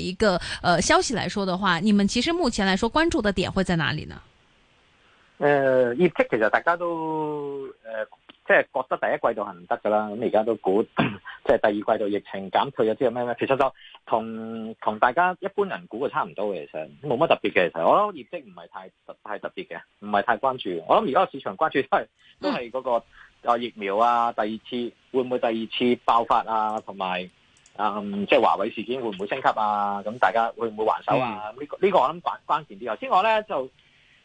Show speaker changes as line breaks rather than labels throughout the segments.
一個誒、呃、消息來說的話，你們其實目前來說關注的點會在哪裏呢？誒、
呃、業績其實大家都誒、呃、即係覺得第一季度係唔得噶啦，咁而家都估即係第二季度疫情減退咗之後咩咩，其實就同同大家一般人估嘅差唔多嘅，其實冇乜特別嘅，其實我諗業績唔係太特太特別嘅，唔係太關注。我諗而家市場關注都係都係嗰、那個誒、嗯啊、疫苗啊，第二次會唔會第二次爆發啊，同埋。啊、嗯，即係華為事件會唔會升級啊？咁大家會唔會還手啊？呢、嗯這個呢、這個我諗關關鍵啲。頭先我咧就呢、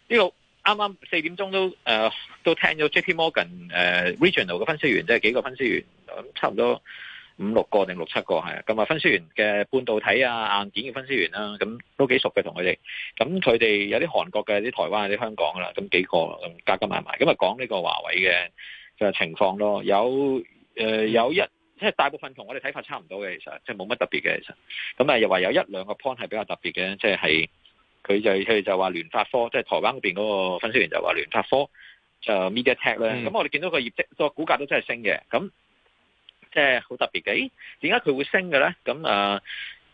這個啱啱四點鐘都誒、呃、都聽咗 JP Morgan 誒、呃、Regional 嘅分析員，即係幾個分析員咁差唔多五六個定六七個係，咁啊、嗯、分析員嘅半導體啊硬件嘅分析員啦、啊，咁、嗯、都幾熟嘅同佢哋。咁佢哋有啲韓國嘅、啲台灣、啲香港啦，咁幾個咁夾夾埋埋，咁、嗯、啊講呢個華為嘅嘅情況咯。有誒、呃、有一。即、係大部分同我哋睇法差唔多嘅，其實即係冇乜特別嘅，其實咁啊，又話有一兩個 point 係比較特別嘅，即係係佢就佢就話聯發科，即、係台灣嗰邊嗰個分析員就話聯發科就 MediaTek 咧、嗯。咁我哋見到個業績個股價都真係升嘅，咁即係好特別嘅。咦，點解佢會升嘅咧？咁啊，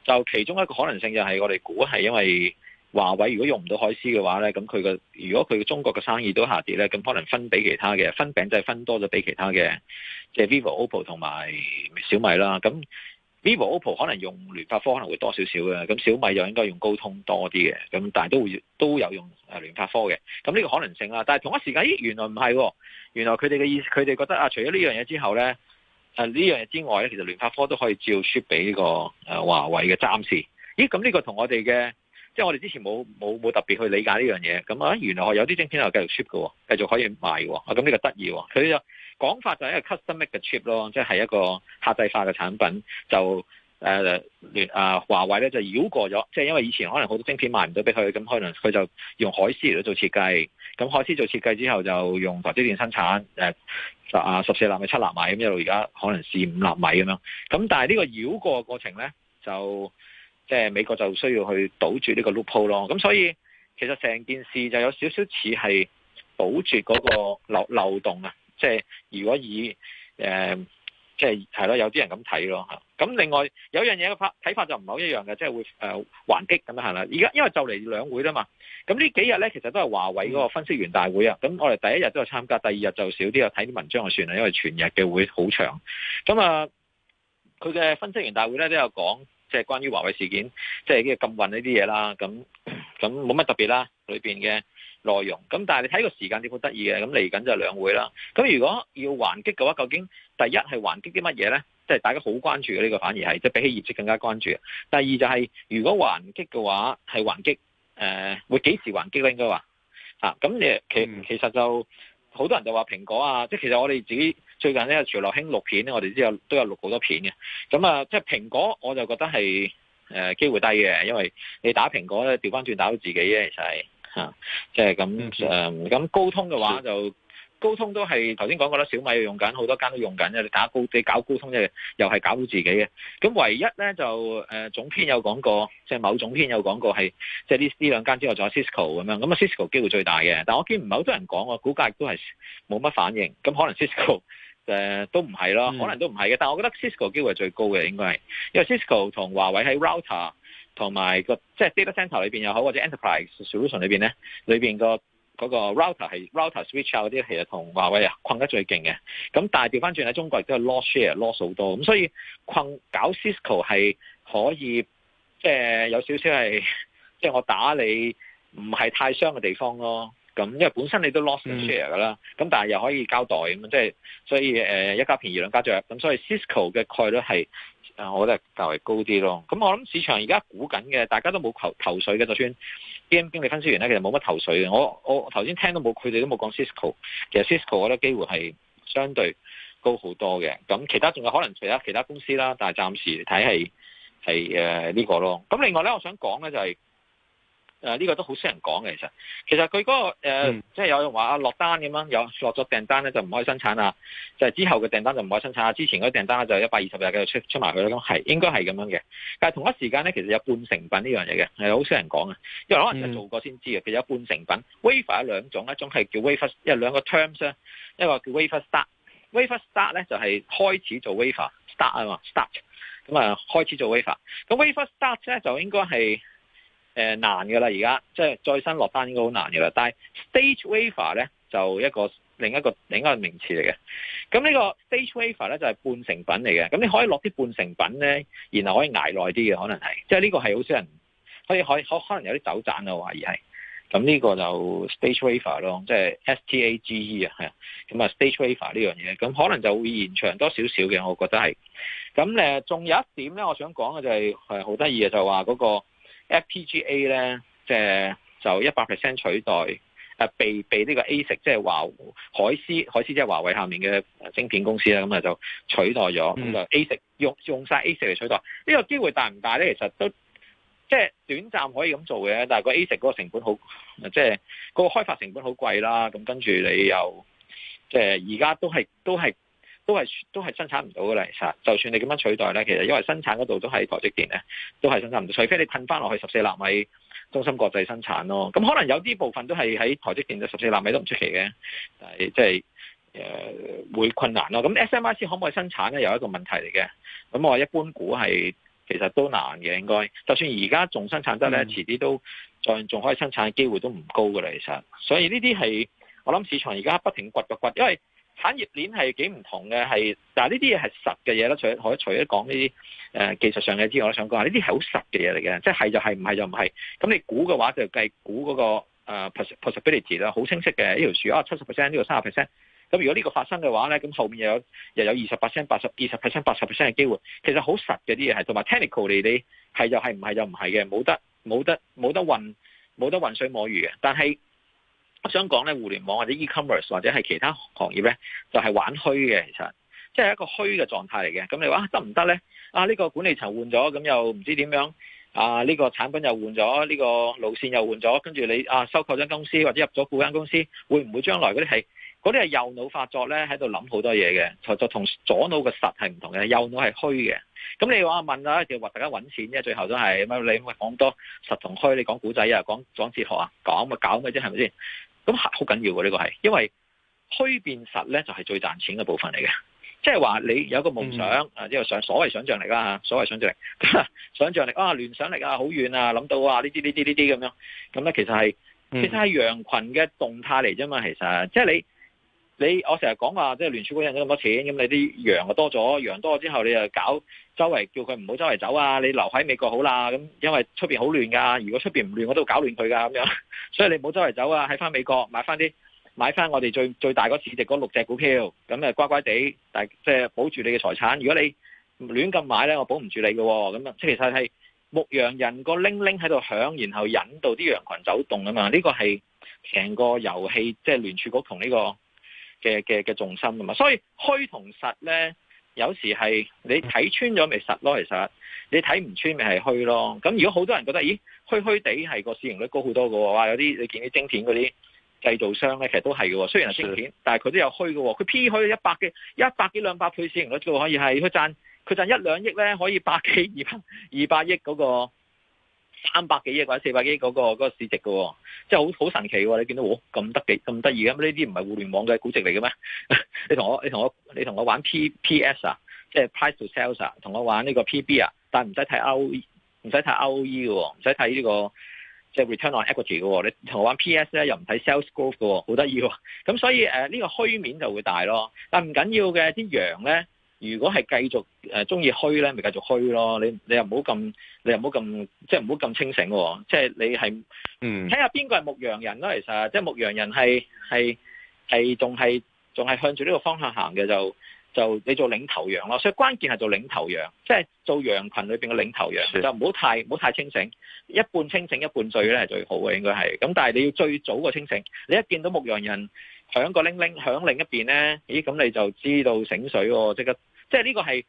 就其中一個可能性就係我哋估係因為。華為如果用唔到海思嘅話咧，咁佢個如果佢中國嘅生意都下跌咧，咁可能分俾其他嘅，分餅就係分多咗俾其他嘅，即係 Vivo、OPPO 同埋小米啦。咁 Vivo、OPPO 可能用聯發科可能會多少少嘅，咁小米就應該用高通多啲嘅，咁但係都會都有用誒聯發科嘅。咁呢個可能性啦，但係同一時間，咦，原來唔係，哦，原來佢哋嘅意思，佢哋覺得啊，除咗呢樣嘢之後咧，誒呢樣嘢之外咧，其實聯發科都可以照出俾呢個誒華為嘅暫時。咦，咁呢個同我哋嘅，即係我哋之前冇冇冇特別去理解呢樣嘢，咁啊，原來哦，有啲晶片又繼續 ship 嘅，繼續可以賣嘅，咁、啊、呢、呢個得意喎！佢就講法就係一個 custom make 嘅 chip 咯，即係一個客製化嘅產品，就誒聯啊華為咧就繞過咗，即係因為以前可能好多晶片賣唔到俾佢，咁可能佢就用海思嚟到做設計，咁海思做設計之後就用台積電生產，誒十啊十四納米、七納米咁一路而家可能四五納米咁樣，咁但係呢個繞過過程咧就。即係美國就需要去堵住呢個 loop hole 咯，咁所以其實成件事就有少少似係堵住嗰個漏漏洞啊！即係如果以誒即係係咯，有啲人咁睇咯嚇。咁另外有樣嘢嘅發睇法就唔係好一樣嘅，即係會誒還擊咁樣係啦。而家因為就嚟兩會啊嘛，咁呢幾日咧其實都係華為嗰個分析員大會啊。咁我哋第一日都有參加，第二日就少啲，有睇啲文章就算啦，因為全日嘅會好長。咁啊，佢嘅分析員大會咧都有講。即係關於華為事件，即係呢個禁運呢啲嘢啦，咁咁冇乜特別啦，裏邊嘅內容。咁但係你睇個時間點好得意嘅，咁嚟緊就係兩會啦。咁如果要還擊嘅話，究竟第一係還擊啲乜嘢咧？即係大家好關注嘅呢個，反而係即係比起業績更加關注。第二就係如果還擊嘅話，係還擊誒，會幾時還擊咧？應該話嚇咁誒，其其實就好多人就話蘋果啊，即係其實我哋自己。最近呢，潮流興錄片咧，我哋都有都有錄好多片嘅。咁啊，即係蘋果，我就覺得係誒機會低嘅，因為你打蘋果咧，掉返轉打到自己啫，其實係吓，即係咁誒。咁、就是啊、高通嘅話就高通都係頭先講過啦，小米要用緊，好多間都用緊。即打高，你搞高通即、就是、又係搞到自己嘅。咁唯一咧就誒、呃、總編有講過，即、就、係、是、某總編有講過係，即係呢呢兩間之外仲有 Cisco 咁樣。咁啊 Cisco 機會最大嘅，但我見唔係好多人講啊，估計都係冇乜反應。咁可能 Cisco。誒都唔係咯，可能都唔係嘅，但我覺得 Cisco 機會係最高嘅應該係，因為 Cisco 同華為喺 router 同埋個即係 data centre 裏邊又好，或者 enterprise solution 裏面咧，裏邊個嗰個 router 係 router switch 嗰啲，其實同華為啊困得最勁嘅。咁但係調翻轉喺中國亦都係 loss share loss 好多，咁所以困搞 Cisco 係可以即係、呃、有少少係即係我打你唔係太傷嘅地方咯。咁因為本身你都 lost share 噶啦，咁、嗯、但係又可以交代咁，即係所以誒一家便宜二兩家著，咁所以 Cisco 嘅概率係啊，我覺得較為高啲咯。咁我諗市場而家估緊嘅，大家都冇頭緒嘅，就算基金經理分析員咧，其實冇乜頭緒嘅。我我頭先聽到都冇，佢哋都冇講 Cisco。其實 Cisco 我覺得機會係相對高好多嘅。咁其他仲有可能除咗其他公司啦，但係暫時睇係係誒呢個咯。咁另外咧，我想講嘅就係、是。誒、呃、呢、這個都好少人講嘅，其實其實佢嗰個、呃嗯、即係有人話落單咁樣，有落咗訂單咧就唔可以生產啦，就係、是、之後嘅訂單就唔可以生產，之前嗰訂單就一百二十日嘅出出埋佢啦。咁係、嗯、應該係咁樣嘅。但係同一時間咧，其實有半成品呢樣嘢嘅，係好少人講嘅。因為可能人做過先知、嗯、其實佢有半成品 wafer 有兩種，一種係叫 wafer，因為兩個 terms 呢、啊，一個叫 wafer start，wafer start 咧 start 就係、是、開始做 wafer start 啊嘛，start 咁、嗯、啊開始做 wafer。咁 wafer start 咧就應該係。誒，難噶啦，而家即係再新落單應該好難噶啦。但係 stage wafer 咧，就一個另一個另一個名詞嚟嘅。咁呢個 stage wafer 咧就係、是、半成品嚟嘅。咁你可以落啲半成品咧，然後可以捱耐啲嘅，可能係。即係呢個係好少人，可以可可可能有啲走盞啊，懷疑係。咁呢個就 stage wafer 咯，即係 S T A G E 啊，係啊。咁啊 stage wafer 呢樣嘢，咁可能就會延長多少少嘅，我覺得係。咁誒，仲、呃、有一點咧，我想講嘅就係係好得意嘅，就話、是、嗰、那個。FPGA 咧，即係就一百 percent 取代，誒被被呢個 ASIC 即係華海思海思即係華為下面嘅晶片公司啦，咁啊就取代咗，咁就 ASIC 用用曬 ASIC 嚟取代，呢、這個機會大唔大咧？其實都即係、就是、短暫可以咁做嘅，但係個 ASIC 嗰個成本好，即係嗰個開發成本好貴啦。咁跟住你又即係而家都係都係。都係都係生產唔到嘅啦，其實就算你咁樣取代咧，其實因為生產嗰度都係台積電咧，都係生產唔到，除非你噴翻落去十四納米中芯國際生產咯。咁可能有啲部分都係喺台積電嘅十四納米都唔出奇嘅，但即係誒會困難咯。咁 SMIC 可唔可以生產咧？又一個問題嚟嘅。咁我話一般股係其實都難嘅，應該就算而家仲生產得咧、嗯，遲啲都再仲可以生產嘅機會都唔高嘅啦。其實，所以呢啲係我諗市場而家不停掘掘掘，因為。產業鏈係幾唔同嘅係，但係呢啲嘢係實嘅嘢啦，除可除咗講呢啲誒技術上嘅之外，我想講下呢啲係好實嘅嘢嚟嘅，即係就係唔係就唔係。咁你估嘅話就計估嗰個、呃、possibility 啦，好清晰嘅呢條樹啊，七十 percent 呢個三十 percent。咁如果呢個發生嘅話咧，咁後面又有又有二十 percent、八十二十 percent、八十 percent 嘅機會，其實好實嘅啲嘢係，同埋 technical 你你係就係唔係就唔係嘅，冇得冇得冇得混冇得混水摸魚嘅，但係。我想講咧，互聯網或者 e-commerce 或者係其他行業咧，就係、是、玩虛嘅，其實即係一個虛嘅狀態嚟嘅。咁你話得唔得咧？啊，行行呢啊、呢個管理層換咗，咁又唔知點樣啊？呢、呢個產品又換咗，呢、呢個路線又換咗，跟住你啊，收購間公司或者入咗股間公司，會唔會將來嗰啲係嗰啲係右腦發作咧？喺度諗好多嘢嘅，就同左腦嘅實係唔同嘅。右腦係虛嘅。咁你話、啊、問啊，就話大家揾錢啫，最後都係乜你唔講多實同虛，你講古仔啊，講講哲學啊，講咪搞咪啫，係咪先？咁好緊要嘅呢個係，因為虛變實咧就係最賺錢嘅部分嚟嘅，即係話你有一個夢想啊，即係想所謂想象力啦吓，所謂想象力，想象力啊，聯想力啊，好遠啊，諗到啊呢啲呢啲呢啲咁樣，咁咧其實係，其實係羊群嘅動態嚟啫嘛，其實，即係你。你我成日講話，即係聯儲局印咗咁多錢，咁你啲羊就多咗，羊多咗之後你就，你又搞周圍叫佢唔好周圍走啊。你留喺美國好啦，咁因為出邊好亂噶。如果出邊唔亂，我都會搞亂佢噶咁樣，所以你唔好周圍走啊，喺翻美國買翻啲買翻我哋最最大嗰市值嗰六隻股票，咁啊乖乖地，但即係保住你嘅財產。如果你亂咁買咧，我保唔住你㗎喎。咁樣。其實係牧羊人個鈴鈴喺度響，然後引導啲羊群走動啊嘛。呢個係成個遊戲，即係聯儲局同呢個。嘅嘅嘅重心啊嘛，所以虛同實咧，有時係你睇穿咗咪實咯，其實你睇唔穿咪係虛咯。咁如果好多人覺得，咦，虛虛地係個市盈率高好多喎。哇！有啲你見啲晶片嗰啲製造商咧，其實都係喎。雖然係晶片，但係佢都有虛喎。佢 P 虛一百幾一百幾兩百倍市盈率嘅可以係，佢賺佢賺一兩億咧，可以百幾二百二百億嗰個。三百幾億或者四百幾億嗰個嗰個市值嘅、哦，即係好好神奇喎、哦！你見到哦咁得幾咁得意咁？呢啲唔係互聯網嘅估值嚟嘅咩？你同我你同我你同我玩 P P S 啊，即係 Price to Sales 啊，同我玩呢個 P B 啊，但係唔使睇 R O E 唔使睇 R O E 嘅、哦，唔使睇呢個即係、就是、Return on Equity 嘅、哦。你同我玩 P S 咧，又唔睇 Sales Growth 嘅、哦，好得意喎！咁所以誒呢、呃這個虛面就會大咯，但係唔緊要嘅，啲羊咧。如果係繼續誒鍾意虛咧，咪繼續虛咯。你你又唔好咁，你又唔好咁，即係唔好咁清醒喎。即係你係嗯睇下邊個係牧羊人啦。其實即係牧羊人係係係仲係仲係向住呢個方向行嘅就就你做領頭羊咯。所以關鍵係做領頭羊，即係做羊群裏面嘅領頭羊，就唔好太唔好太清醒，一半清醒一半醉咧係最好嘅應該係。咁但係你要最早個清醒，你一見到牧羊人響個鈴鈴響另一邊咧，咦咁你就知道醒水喎，即刻。即係呢個係，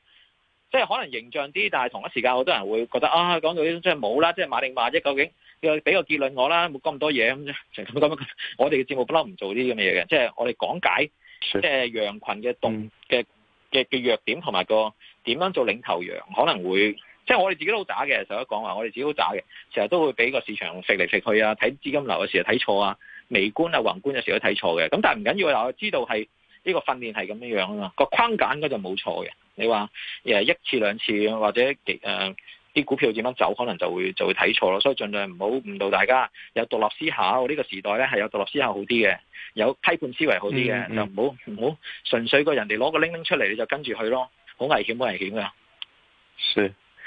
即係可能形象啲，但係同一時間好多人會覺得啊，講到呢啲即係冇啦，即係買定賣啫。究竟要俾個結論我啦，冇咁多嘢咁啫。咁咁，我哋嘅節目不嬲唔做呢啲咁嘅嘢嘅，即係我哋講解即係羊群嘅動嘅嘅嘅弱點同埋個點樣做領頭羊，可能會即係我哋自己都好渣嘅，就咁講話。我哋自己好渣嘅，成日都會俾個市場食嚟食去啊，睇資金流嘅時候睇錯啊，微觀啊宏觀嘅時候都睇錯嘅。咁但係唔緊要，嗱我知道係。呢、個訓練係咁樣樣啊嘛，個框架應該就冇錯嘅。你話誒一次兩次或者誒啲股票點樣走，可能就會就會睇錯咯。所以盡量唔好誤導大家。有獨立思考呢、個時代咧，係有獨立思考好啲嘅，有批判思維好啲嘅，嗯嗯，就唔好唔好純粹個人哋攞個拎拎出嚟你就跟住去咯，好危險好危險㗎。是。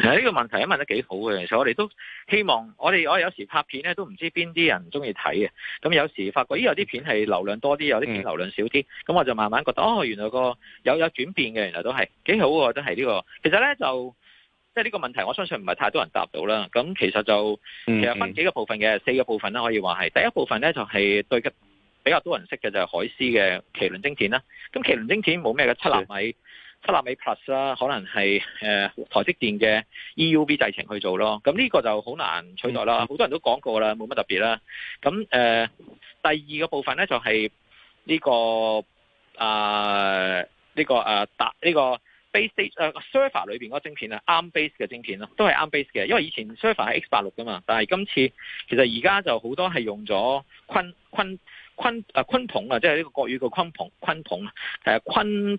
呢、個問題咧問得幾好嘅，其實我哋都希望我哋我有時拍片咧，都唔知邊啲人中意睇嘅。咁有時發覺咦，有啲片係流量多啲，有啲片流量少啲。咁、嗯、我就慢慢覺得哦，原來個有有轉變嘅，原來都係幾好喎。真係呢、個。其實咧就即係呢個問題，我相信唔係太多人答到啦。咁其實就、嗯、其實分幾個部分嘅、嗯，四個部分啦，可以話係第一部分咧就係對比較多人識嘅就係、是、海思嘅麒麟晶片啦。咁麒麟晶片冇咩嘅七納米。七納米 Plus 啦，可能係誒、呃、台積電嘅 EUV 製程去做咯。咁、這、呢個就好難取代啦。好多人都講過啦，冇乜特別啦。咁誒、呃、第二個部分咧就係、是、呢、這個啊呢、呃這個啊達呢個 base station server 裏面嗰個晶片啊 ARM base 嘅晶片咯，都係 ARM base 嘅。因為以前 server 係 X 八六噶嘛，但係今次其實而家就好多係用咗昆昆昆啊昆鵬啊，Qunpung，即係呢個國語叫昆鵬昆鵬誒昆。Qun,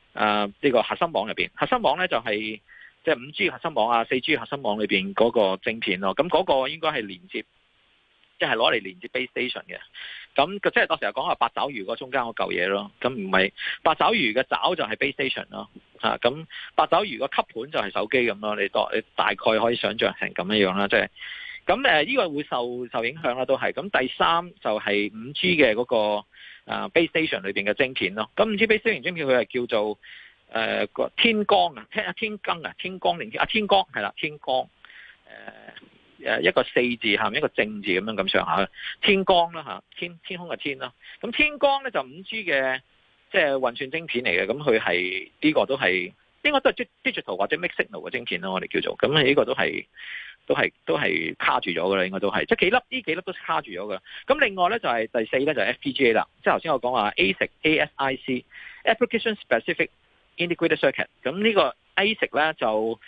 誒、啊，呢、這個核心網入邊，核心網咧就係即係五 G 核心網啊，四 G 核心網裏邊嗰個晶片咯。咁嗰個應該係連接，即係攞嚟連接 base station 嘅。咁即係到時候講下八爪魚嗰中間個嚿嘢咯。咁唔係八爪魚嘅爪就係 base station 咯、啊。吓咁八爪魚個吸盤就係手機咁咯。你當你大概可以想象成咁樣樣啦，即係咁誒，呢個會受受影響啦，都係。咁第三就係五 G 嘅嗰個。啊、uh，base station 裏邊嘅晶片咯，咁唔知 base station 晶片佢係叫做誒個、呃、天光啊，聽天更啊，天光零件啊，天光係啦，天光誒誒一個四字下面一個正字咁樣咁上下嘅天光啦吓，天天空嘅天啦，咁天光咧就五 G 嘅即係運算晶片嚟嘅，咁佢係呢個都係應該都係 digital 或者 mix signal 嘅晶片咯，我哋叫做咁呢個都係。都係都係卡住咗噶啦，應該都係即係幾粒呢？幾粒都卡住咗噶啦。咁另外咧就係第四咧就係、是、FPGA 啦，即係頭先我講話 ASIC、ASIC, ASIC、Application Specific Integrated Circuit。咁呢個 ASIC 咧就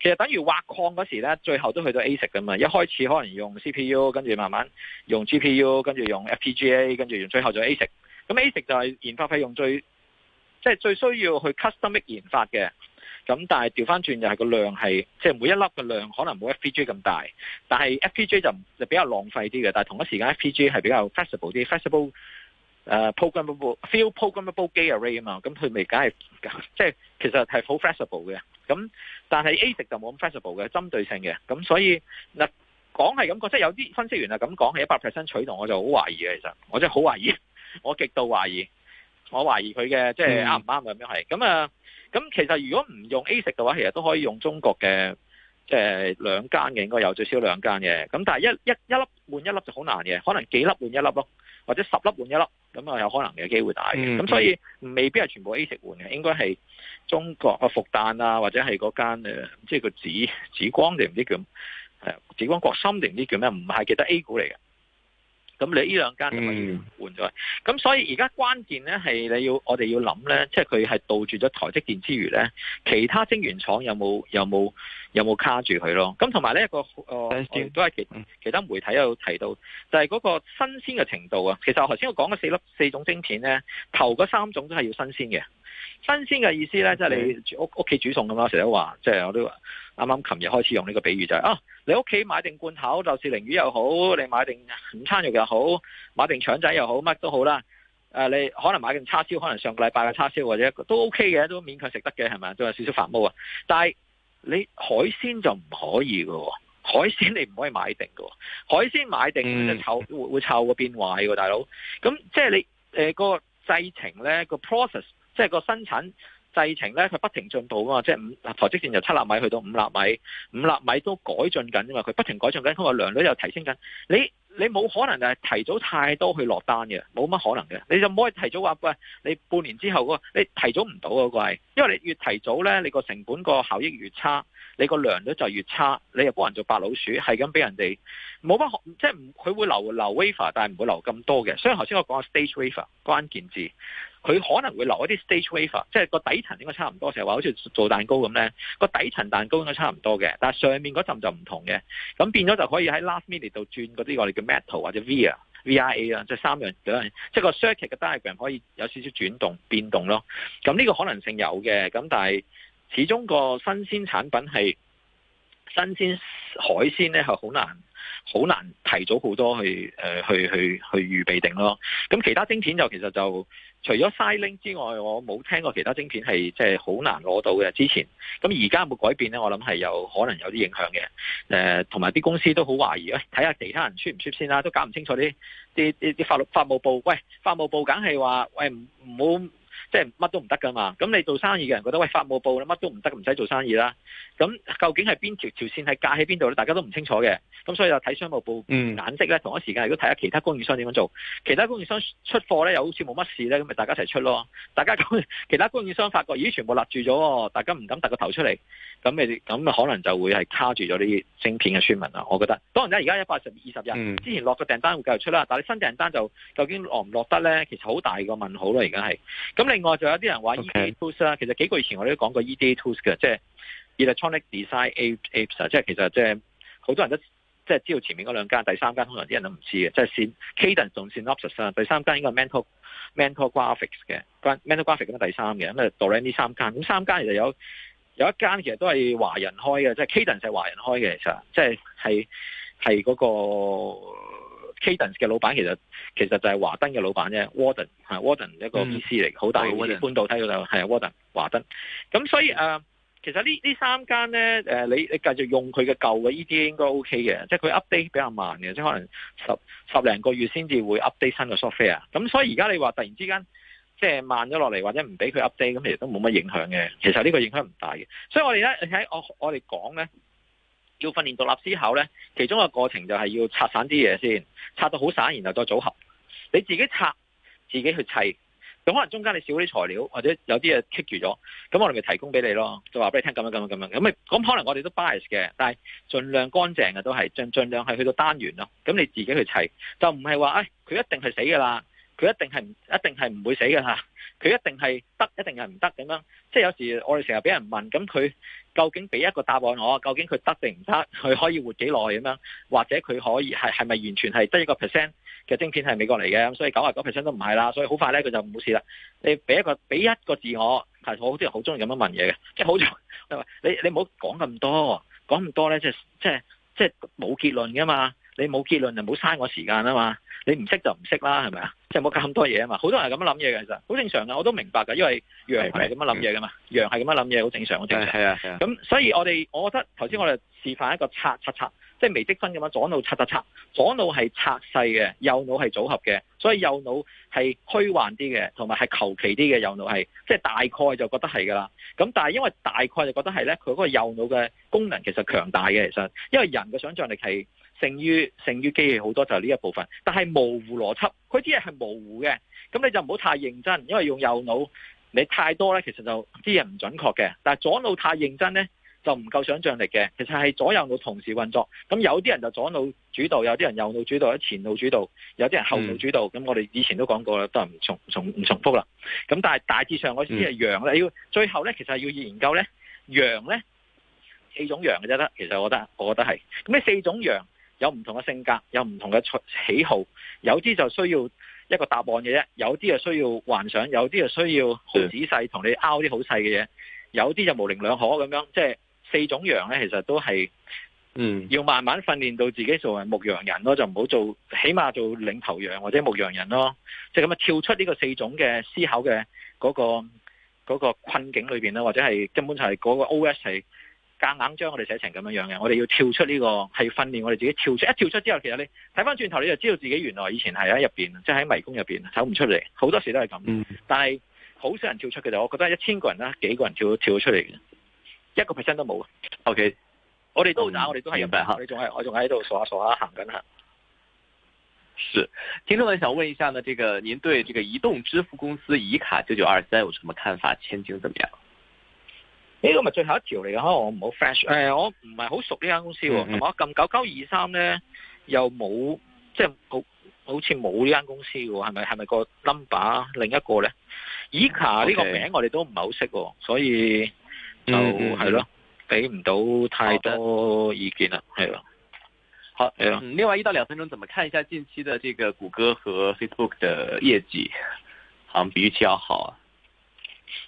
其實等於挖礦嗰時咧，最後都去到 ASIC 噶嘛。一開始可能用 CPU，跟住慢慢用 GPU，跟住用 FPGA，跟住用最後就 ASIC。咁 ASIC 就係研發費用最即係最需要去 custom 化研發嘅。咁但係調翻轉就係個量係，即係每一粒嘅量可能冇 FPGA 咁大，但係 FPGA 就就比較浪費啲嘅。但係同一時間 FPGA 係比較 flexible 啲，flexible 誒、uh, programmable, field programmable gate array 啊嘛，咁佢咪梗係即係其實係好 flexible 嘅。咁但係 ASIC 就冇咁 flexible 嘅，針對性嘅。咁所以嗱講係咁講，即係有啲分析員啊咁講係一百 percent 取動，我就好懷疑嘅。其實我真係好懷疑，我極度懷疑，我懷疑佢嘅即係啱唔啱咁樣係咁啊！就是嗯咁其實如果唔用 A 食嘅話，其實都可以用中國嘅，即係兩間嘅應該有最少兩間嘅。咁但係一一一粒換一粒就好難嘅，可能幾粒換一粒咯，或者十粒換一粒，咁啊有可能嘅機會大嘅。咁、嗯嗯、所以未必係全部 A 食換嘅，應該係中國嘅復旦啊，或者係嗰間，即係個紫紫光定唔知叫紫光國芯定唔知叫咩，唔係記得 A 股嚟嘅。咁你呢兩間就咪要換咗，咁、嗯、所以而家關鍵咧係你要我哋要諗咧，即係佢係杜住咗台積電之餘咧，其他晶圓廠有冇有冇有冇卡住佢咯？咁同埋呢一個誒，呃、都係其其他媒體有提到，就係、是、嗰個新鮮嘅程度啊。其實我頭先我講嘅四粒四種晶片咧，頭嗰三種都係要新鮮嘅，新鮮嘅意思咧，即係你屋屋企煮餸咁啦，成日都話即係我都。就是我啱啱琴日開始用呢個比喻就係、是，啊你屋企買定罐頭，豆豉鯪魚又好，你買定午餐肉又好，買定腸仔又好，乜都好啦、啊。你可能買定叉燒，可能上個禮拜嘅叉燒或者都 OK 嘅，都勉強食得嘅係咪？都有少少發毛啊。但係你海鮮就唔可以喎，海鮮你唔可以買定喎。海鮮買定就臭，會、嗯、會臭嘅變壞大佬。咁即係你誒、個製程咧，個 process 即係個生產。製程咧，佢不停進步啊嘛，即係五台積電由七納米去到五納米，五納米都改進緊啊嘛，佢不停改進緊，同埋良率又提升緊。你你冇可能係提早太多去落單嘅，冇乜可能嘅。你就唔可以提早話喂，你半年之後喎，你提早唔到喎，個係因為你越提早咧，你個成本個效益越差。你個良率就越差，你又幫人做白老鼠，係咁俾人哋冇乜可，即係佢會留留 wafer，但係唔會留咁多嘅。所以頭先我講 stage wafer 關鍵字，佢可能會留一啲 stage wafer，即係個底層應該差唔多。成日話好似做蛋糕咁咧，個底層蛋糕應該差唔多嘅，但係上面嗰層就唔同嘅。咁變咗就可以喺 last minute 度轉嗰啲我哋叫 metal 或者 via via 啊，即係三樣樣，即係個 circuit 嘅 diagram 可以有少少轉動變動咯。咁呢個可能性有嘅，咁但係。始終個新鮮產品係新鮮海鮮咧，係好難好難提早好多去誒、呃、去去去預備定咯。咁其他晶片就其實就除咗 Siling 之外，我冇聽過其他晶片係即係好難攞到嘅。之前咁而家有冇改變咧？我諗係有可能有啲影響嘅。誒、呃，同埋啲公司都好懷疑，喂、哎，睇下其他人出唔出先啦。都搞唔清楚啲啲啲啲法律法務部，喂，法務部梗係話，喂，唔唔好。即係乜都唔得噶嘛，咁你做生意嘅人覺得喂法務部你乜都唔得，唔使做生意啦。咁究竟係邊條條線係架喺邊度咧？大家都唔清楚嘅。咁所以就睇商務部眼色咧，同一時間如果睇下其他供應商點樣做，其他供應商出貨咧又好似冇乜事咧，咁咪大家一齊出咯。大家其他供應商發覺咦全部勒住咗，大家唔敢凸個頭出嚟，咁咪咁可能就會係卡住咗啲晶片嘅村民啦。我覺得當然啦，而家一百二十日之前落個訂單會繼續出啦，但你新訂單就究竟落唔落得咧？其實好大個問號咯，而家係咁。另外就有啲人話 EDA Tools 啦、okay.，其實幾個月前我哋都講過 EDA Tools 嘅，即係 Electronic Design Aps 即係其實即係好多人都即係知道前面嗰兩間，第三間通常啲人都唔知嘅，即係 Cadence 仲先 Synopsys 啦，第三間應該係 Mentor, Mentor Graphics 嘅，Mentor Graphics 咁第三嘅，咁啊 d u r a n d 呢三間，咁三間其實有有一間其實都係華人開嘅，即係 Cadence 係華人開嘅，其實即係係係嗰個。Cadence 嘅老闆其實其實就係華登嘅老闆啫，Warden 係，Warden 一個 P C 嚟，好、嗯、大嘅半導體嗰度，係啊，Warden 華登。咁所以誒、呃，其實這這呢呢三間咧誒，你你繼續用佢嘅舊嘅依啲應該 O K 嘅，即係佢 update 比較慢嘅，即係可能十十零個月先至會 update 新嘅 software。咁所以而家你話突然之間即係慢咗落嚟，或者唔俾佢 update，咁其實都冇乜影響嘅。其實呢個影響唔大嘅。所以我哋咧，喺我我哋講咧。要訓練獨立思考咧，其中一個過程就係要拆散啲嘢先，拆到好散，然後再組合。你自己拆，自己去砌。咁可能中間你少啲材料，或者有啲嘢棘住咗，咁我哋咪提供俾你咯。就話俾你聽咁樣咁樣咁樣咁咪。咁可能我哋都 bias 嘅，但係盡量乾淨嘅都係盡量係去到單元咯。咁你自己去砌，就唔係話誒，佢、哎、一定係死㗎啦。佢一定係唔，一定係唔會死嘅，吓，佢一定係得，一定係唔得咁樣，即係有時我哋成日俾人問，咁佢究竟俾一個答案我，究竟佢得定唔得，佢可以活幾耐咁樣，或者佢可以係咪完全係得一個 percent 嘅晶片係美國嚟嘅？咁所以九啊九 percent 都唔係啦，所以好快咧佢就冇事啦。你俾一個俾一個字我，係我啲人好中意咁樣問嘢嘅，即係好在你，你唔好講咁多，講咁多咧即係即係即係冇結論㗎嘛。你冇結論就唔好嘥我時間啊嘛！你唔識就唔識啦，係咪啊？即係冇咁多嘢啊嘛！好多人係咁樣諗嘢嘅，其實好正常噶，我都明白噶，因為羊係咁樣諗嘢噶嘛，羊係咁樣諗嘢好正常嘅，正常。係啊係啊。咁所以我哋，我覺得頭先我哋示範一個拆拆拆，即係、就是、微積分咁樣左腦拆拆拆，左腦係拆細嘅右腦係組合嘅，所以右腦係虛幻啲嘅，同埋係求其啲嘅右腦係，即、就、係、是、大概就覺得係噶啦。咁但係因為大概就覺得係咧，佢嗰個右腦嘅功能其實強大嘅，其實因為人嘅想像力係。勝於剩於機器好多就係、是、呢一部分，但係模糊邏輯，佢啲嘢係模糊嘅，咁你就唔好太認真，因為用右腦你太多咧，其實就啲嘢唔準確嘅。但係左腦太認真咧，就唔夠想像力嘅。其實係左右腦同時運作，咁有啲人就左腦主導，有啲人右腦主，主導，有前腦主導，有啲人後腦主導。咁我哋以前都講過啦，都唔重重唔重複啦。咁但係大致上我啲係羊咧，嗯、要最後咧，其實要研究咧，羊咧四種羊嘅啫得。其實我覺得，我覺得係四種羊。有唔同嘅性格，有唔同嘅喜好，有啲就需要一個答案嘅啫，有啲就需要幻想，有啲就需要好仔細同你拗啲好細嘅嘢，有啲就模稜兩可咁樣，即係四種羊咧，其實都係，嗯，要慢慢訓練到自己做為牧羊人咯，就唔好做，起碼做領頭羊或者牧羊人咯，即係咁啊，跳出呢個四種嘅思考嘅嗰個嗰個困境裏邊咧，或者係根本就係嗰個 OS 係。夾硬將我哋寫成咁樣樣嘅，我哋要跳出呢、這個，係訓練我哋自己跳出。一跳出之後，其實你睇翻轉頭，你就知道自己原來以前係喺入邊，即係喺迷宮入邊，走唔出嚟。好多時都係咁、嗯，但係好少人跳出嘅就，我覺得一千個人啦，幾個人跳跳出嚟嘅，一個 percent 都冇。O K，我哋都打，我哋都係原版。我仲喺我仲喺度說下，說下行緊吓。是，聽眾們想問一下呢，這個您對這個移動支付公司移卡九九二三有什麼看法？前景怎麼樣？呢個咪最後一條嚟嘅，可能我唔好 flash。誒，我唔係好熟呢間公司喎，嗯嗯同埋我撳九九二三咧又冇，即係好好似冇呢間公司喎，係咪係咪個 number 另一個咧？Eka 呢個名我哋都唔係好識，所以就係咯，俾唔到太多意見啦，係咯。好係啦、嗯。另外一到兩分鐘，怎麼看一下近期的這個谷歌和 Facebook 嘅業績，好比預期要好啊。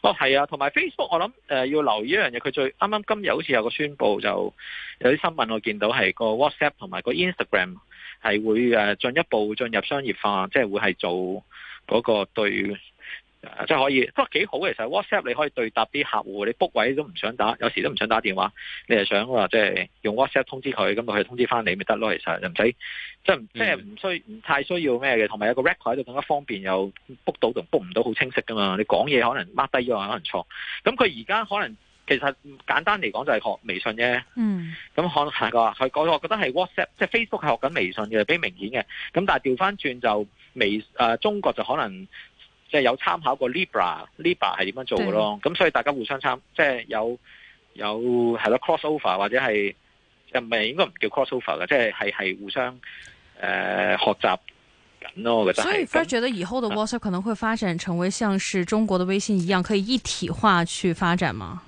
哦，係啊，同埋 Facebook，我諗、呃、要留意一樣嘢，佢最啱啱今日好似有個宣佈，就有啲新聞我見到係個 WhatsApp 同埋個 Instagram 係會誒、呃、進一步進入商業化，即係會係做嗰個對。即係可以，不過幾好嘅。其實 WhatsApp 你可以對答啲客戶，你 book 位都唔想打，有時都唔想打電話，你係想話即係用 WhatsApp 通知佢，咁佢通知翻你咪得咯。其實又唔使，即係即係唔需唔太需要咩嘅。同埋有一個 record 喺度更加方便，又 book 到同 book 唔到好清晰噶嘛。你講嘢可能 mark 低咗，可能錯。咁佢而家可能其實簡單嚟講就係學微信啫。嗯，咁可能下個佢，我覺得係 WhatsApp，即係 Facebook 係學緊微信嘅，比較明顯嘅。咁但係調翻轉就微中國就可能。即係有參考過 Libra，Libra 係點樣做嘅咯，咁所以大家互相參，即係有有係咯 cross over 或者係誒唔係應該唔叫 cross over 嘅，即係係係互相誒、呃、學習緊咯，我覺得。所以 Frank
覺得以後的 WhatsApp 可能會發展成為像是中國的微信一樣可以一體化去發展嗎？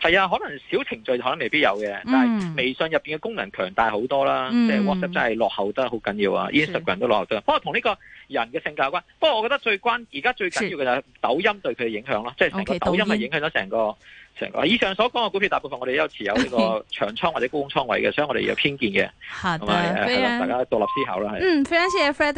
係啊，可能小程序可能未必有嘅、嗯，但係微信入邊嘅功能強大好多啦，嗯、即係 WhatsApp 真係落後得好緊要啊，Instagram 都落後要。不過同呢個人嘅性格有關，不過我覺得最關而家最緊要嘅就係抖音對佢嘅影響咯，即係成個抖音係影響咗成個成個。Okay, 個個以上所講嘅股票，大部分我哋都持有呢個長倉或者高倉位嘅，所以我哋有偏見嘅，係 咪還有？ 大家獨立思考啦，
係。